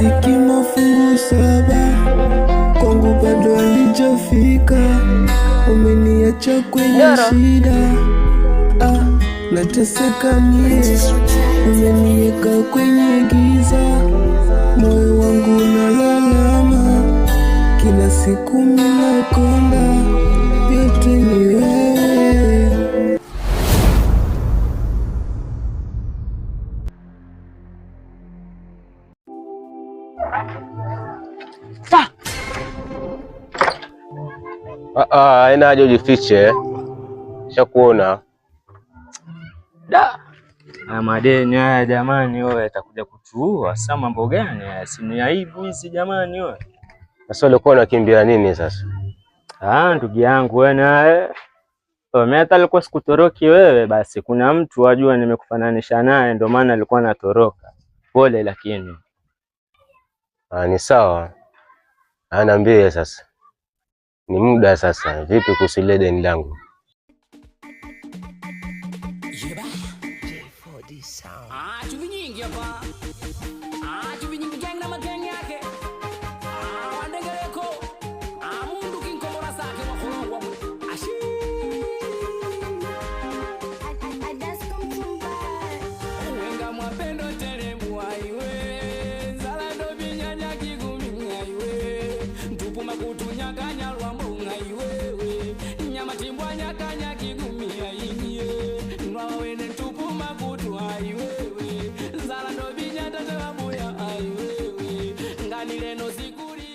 Mziki mafungu saba kwangu bado alijafika, umeniacha kwenye shida ah, nateseka mie, umeniweka kwenye giza, moyo wangu unalalama, kila siku minakonda Haina ah, haja ujifiche, shakuona da. Na ah, madeni haya jamani, wewe atakuja kutuua. Sasa mambo gani haya? Si ni aibu hizi jamani, wewe sasa ulikuwa unakimbia nini sasa? Ah, ndugu yangu wewe naye mimi hata alikuwa sikutoroki wewe, basi kuna mtu wajua nimekufananisha naye, ndio maana alikuwa anatoroka. Pole lakini. Ah, ni sawa. Anaambie ah, sasa ni muda sasa. Vipi kuhusu ile deni langu?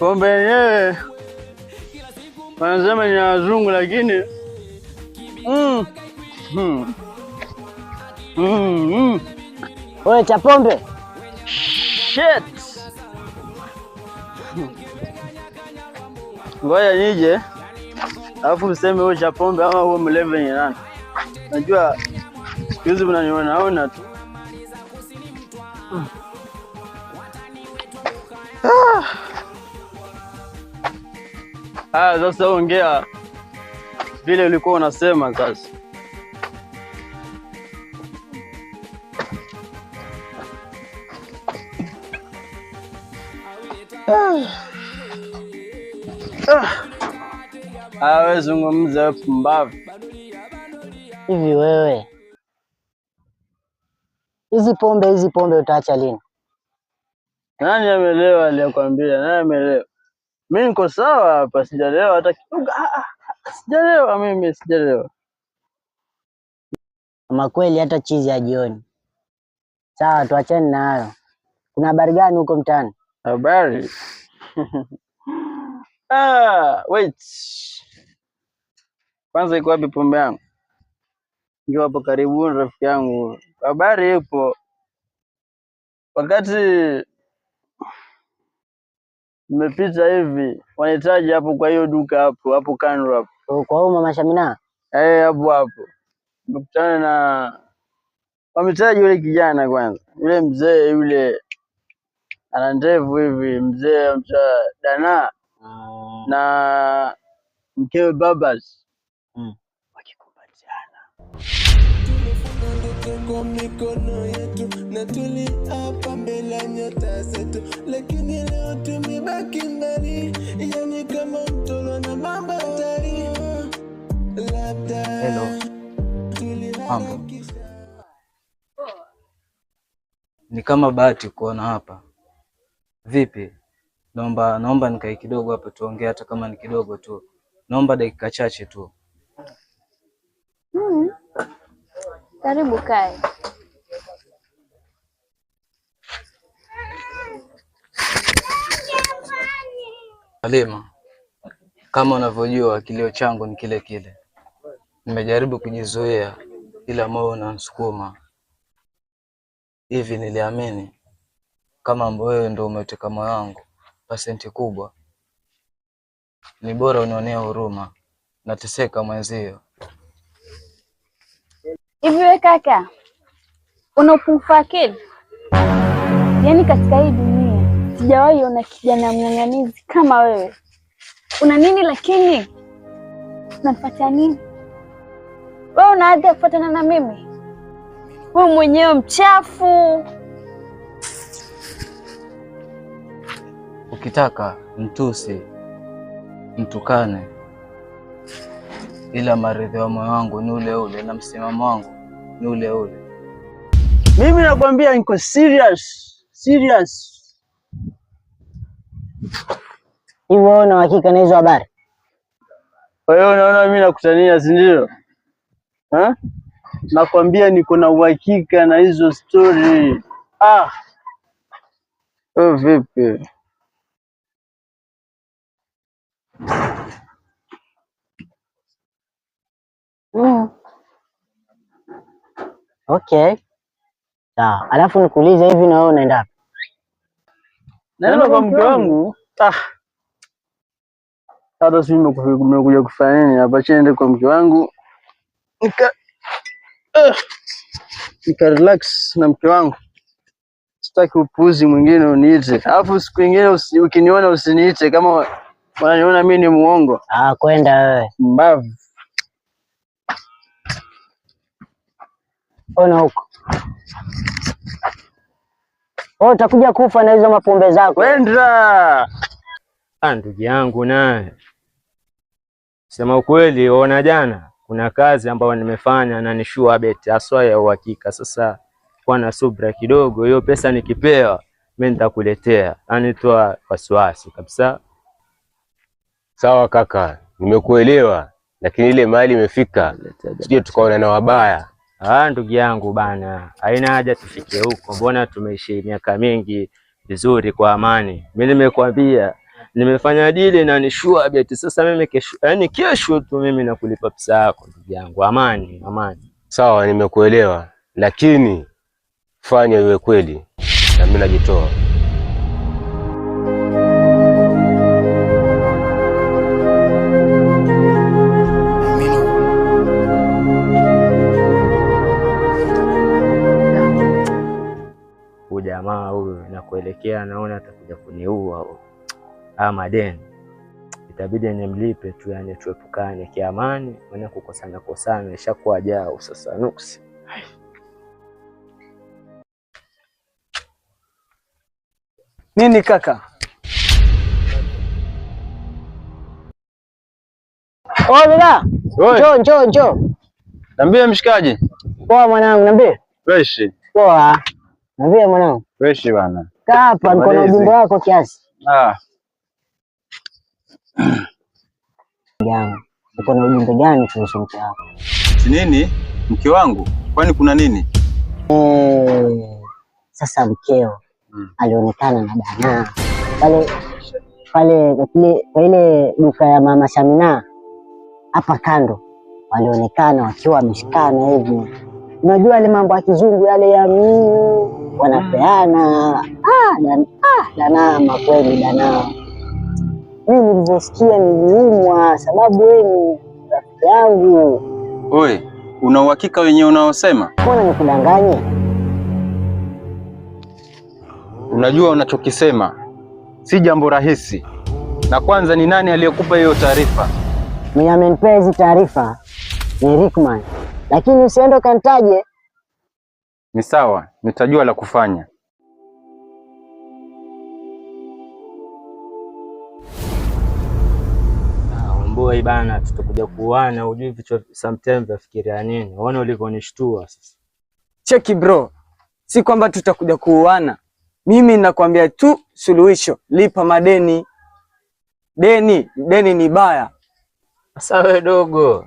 pombe yenyewe wanasema ni wazungu, lakini mm, mm. Mm. Mm. Wewe cha pombe shit, ngoja nije alafu useme wewe cha pombe ama wewe mlevi ni nani? Najua siku mnanionaona tu. Ah. Haya, sasa ongea vile ulikuwa unasema sasa Awe ah. ah. ah, zungumza pumbavu. Hivi wewe, hizi pombe hizi pombe utaacha lini? Nani amelewa aliyokwambia? Nani amelewa? mi niko sawa hapa, sijalewa hata kidogo, ah, ah, ah, sijalewa mimi, sijalewa ama kweli, hata chizi ya jioni. Sawa, tuachane na hayo. Kuna habari gani huko mtaani? Habari ah, wait kwanza, iko wapi pombe yangu? Njoo hapo karibuni, rafiki yangu. Habari ipo wakati Mmepita hivi wanahitaji hapo kwa hiyo duka hapo hapo kando hapo. Oh, kwa huyo mama Shamina? Eh, hapo hapo. Nimekutana na wamitaji yule kijana kwanza, yule mzee yule ana ndevu hivi, mzee mcha dana mm. na mkewe Babas mm. wakikumbatiana zetu na tuliapa mbele nyota zetu, lakini leo tumebaki mbali, yani kama mtolo na Labda ni kama bahati kuona hapa. Vipi, naomba naomba nikae kidogo hapa, tuongee hata kama ni kidogo tu, naomba dakika chache tu. Mm, karibu kae. Halima kama unavyojua kilio changu ni kile kile. Nimejaribu kujizuia ila moyo unanisukuma. Hivi niliamini kama wewe ndio umeteka moyo wangu pasenti kubwa, ni bora unionea huruma, nateseka mwenzio. Hivi wewe kaka, una upungufu akili? Yaani katika hii dunia Sijawahi ona kijana mng'ang'anizi kama wewe. Una nini lakini? Unanipatia nini? Wewe una hadhi ya kufuatana na mimi? Wewe mwenyewe mchafu. Ukitaka mtusi, mtukane, ila maridhio ya moyo wangu ni ule ule na msimamo wangu ni ule ule. Mimi nakwambia niko serious, serious hivyo una uhakika na hizo habari? Kwa hiyo unaona mimi nakutania, si ndio? Nakwambia niko na uhakika na hizo stori. Ah, vipi mm. Okay, sawa. Alafu nikuulize hivi, na wewe unaenda wapi? Naenda kwa mke wangu. Ah. Hata si mmekuja kufanya nini hapa? Chende kwa mke wangu nika, uh, nika relax na mke wangu. Sitaki upuzi mwingine uniite, alafu siku nyingine usi, ukiniona usiniite kama wananiona mimi ni muongo. Ah, kwenda wewe mbavu. Ona huko. Oh, utakuja kufa na hizo mapombe zako. Wenda. Ah, ndugu yangu naye. Sema ukweli, ona jana kuna kazi ambayo nimefanya na nishua beti aswa ya uhakika. Sasa kwa na subra kidogo, hiyo pesa nikipewa mimi nitakuletea. Anitoa wasiwasi kabisa. Sawa kaka, nimekuelewa, lakini ile mali imefika, sije tukaona na wabaya Ah, ndugu yangu bana, haina haja tufikie huko, mbona tumeishi miaka mingi vizuri kwa amani. Mimi nimekwambia nimefanya dili na nishua beti. Sasa mimi kesho, yani kesho tu mimi nakulipa pesa yako ndugu yangu. Amani, amani. Sawa, nimekuelewa, lakini fanya iwe kweli, na mimi najitoa. kidogo na kuelekea, naona atakuja kuniua ama den, itabidi nimlipe tu, yani tuepukane kiamani, maana kukosana kosana ishakuwa jao sasa nuksi nini kaka, oa njoo njo, njo. nambie mshikaji. Poa mwanangu, nambie. Poa nambie mwanangu Freshi bana. Kaa hapa niko na ujumbe wako kiasi. Ah. Jana. Niko na ujumbe gani kuhusu mke wako? Nini? Mke wangu? Kwani kuna nini? Eh, sasa mkeo hmm, alionekana na danaa pale pale kwa ile duka ya Mama Shamina hapa kando, walionekana wakiwa wameshikana hivi Unajua yale mambo ya kizungu yale ya mimi wanapeana ah, dan, ah, danama kweli danama. Mimi nilivyosikia niliumwa, sababu wewe ni rafiki yangu. Oi, una uhakika wenyewe unaosema? Mbona nikudanganye? Unajua unachokisema si jambo rahisi, na kwanza ni nani aliyekupa hiyo taarifa? Mwenye amenipea hizi taarifa ni Rickman lakini usiende ukanitaje. Ni sawa, nitajua la kufanya. Ah, Boy bana, tutakuja kuana, hujui vichwa sometimes nafikiria nini. Uone ulivonishtua sasa. Cheki bro, si kwamba tutakuja kuuana. Mimi nakwambia tu suluhisho, lipa madeni. Deni deni ni baya. sawe dogo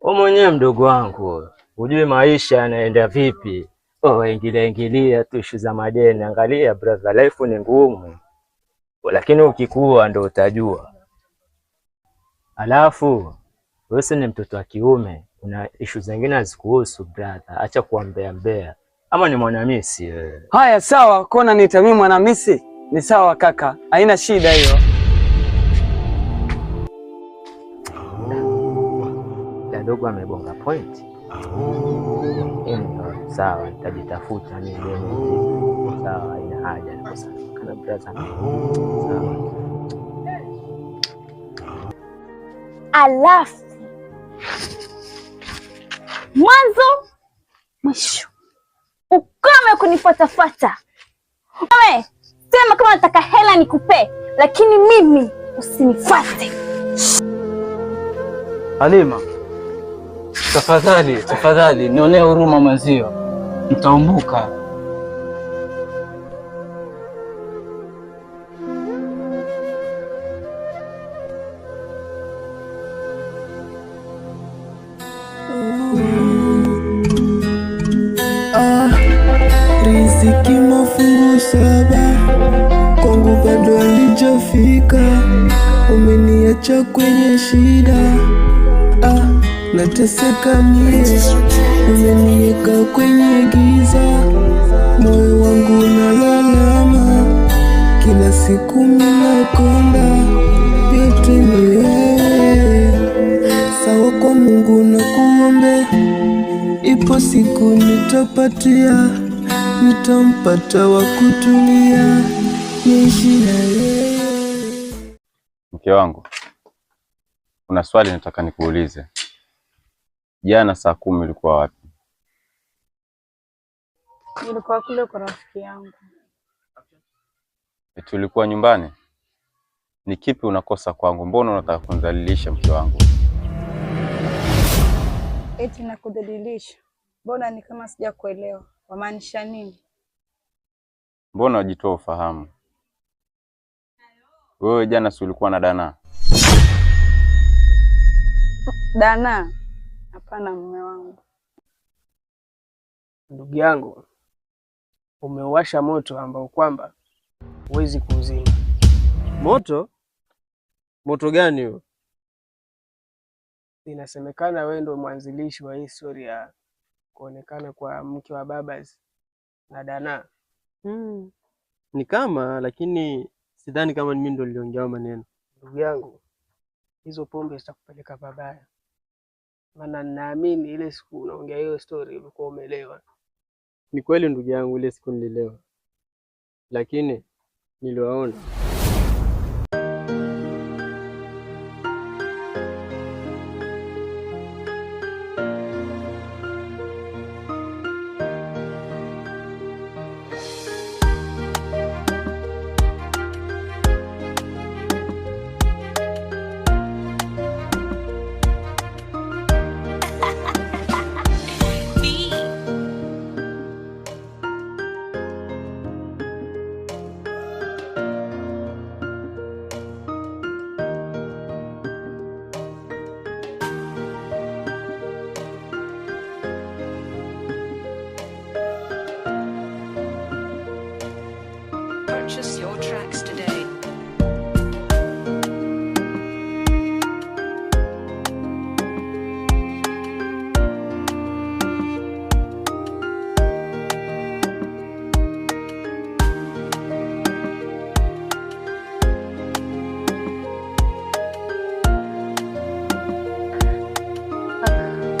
wewe mwenyewe mdogo wangu ujue maisha yanaenda vipi? Oh, ingilia ingilia tu ishu za madeni. Angalia brother, life ni ngumu, lakini ukikua ndo utajua. Alafu wewe ni mtoto wa kiume, una ishu zingine hazikuhusu brother, acha kuambea mbea. Ama ni mwanamisi wewe? Haya, sawa, kona nitamii mwanamisi ni sawa kaka, haina shida hiyo. mdogo amegonga point. Oh. Sawa, nitajitafuta mimi. Ah. Sawa, haina haja sana brother. Sawa. Ah. Alafu mwanzo mwisho ukome kunifatafata. Wewe sema kama nataka hela nikupe, lakini mimi usinifuate Halima. Tafadhali, tafadhali nionee huruma mwenzio, nitaumbuka. Ah, riziki mafungu saba kwangu bado haijafika, umeniacha kwenye shida ah nateseka mie, umeniweka kwenye giza, moyo wangu unalalama, kila siku minakonda, yote ni wewe. Sawa kwa Mungu na kuombe, ipo siku nitapatia, nitampata wa kutulia, niishi na yeye. Mke wangu, kuna swali nataka nikuulize. Jana saa kumi ulikuwa wapi? Nilikuwa kule kwa rafiki yangu. Eti eh, ulikuwa nyumbani? Ni kipi unakosa kwangu? Mbona unataka kunidhalilisha mke wangu? Eti nakudhalilisha? Mbona ni kama sijakuelewa, wamaanisha nini? Mbona wajitoa ufahamu? Wewe jana si ulikuwa na Dana? Dana Hapana mume wangu. Ndugu yangu, umeuasha moto ambao kwamba huwezi kuuzima. Moto? Moto gani huo? Inasemekana wewe ndio mwanzilishi wa hii stori ya kuonekana kwa mke wa Babas na Dana. Hmm. Ni kama lakini sidhani kama mimi ndio niliongea maneno. Ndugu yangu, hizo pombe zitakupeleka babaya maana ninaamini ile siku unaongea hiyo story ulikuwa umelewa. Ni kweli ndugu yangu, ile siku nililewa, lakini niliwaona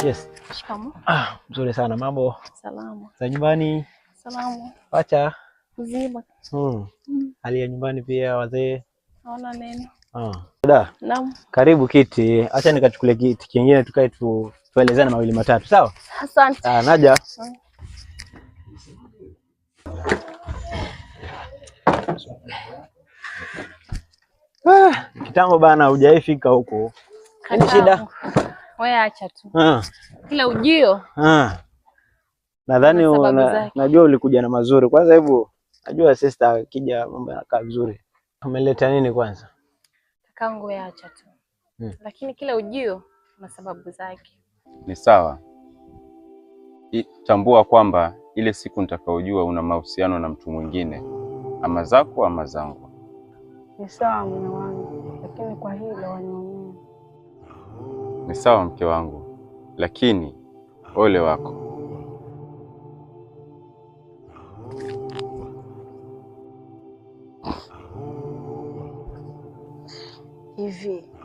Yes. Ah, mzuri sana mambo. Salama. Za nyumbani? Salama. Pacha. Mzima. Hmm. Mm. Hali ya nyumbani pia wazee? Naona neno. Ah. Dada. Naam. Karibu kiti. Acha nikachukulie kiti kingine tukae tu tuelezane mawili matatu, sawa? Asante. Ah, naja. Hmm. Ah, kitambo bana, hujaifika huko. Ni yaani shida. Wewe acha tu. Ah. Kila ujio. Ah. Nadhani una, najua ulikuja na mazuri. Kwanza hebu najua sister akija mambo yanakaa vizuri. Umeleta nini kwanza? Kakangu wewe acha tu. Hmm. Lakini kila ujio na sababu zake. Ni sawa. I, tambua kwamba ile siku nitakaojua una mahusiano na mtu mwingine, ama zako ama zangu. Ni sawa mume wangu, lakini kwa hilo ni sawa mke wangu, lakini ole wako. Hivi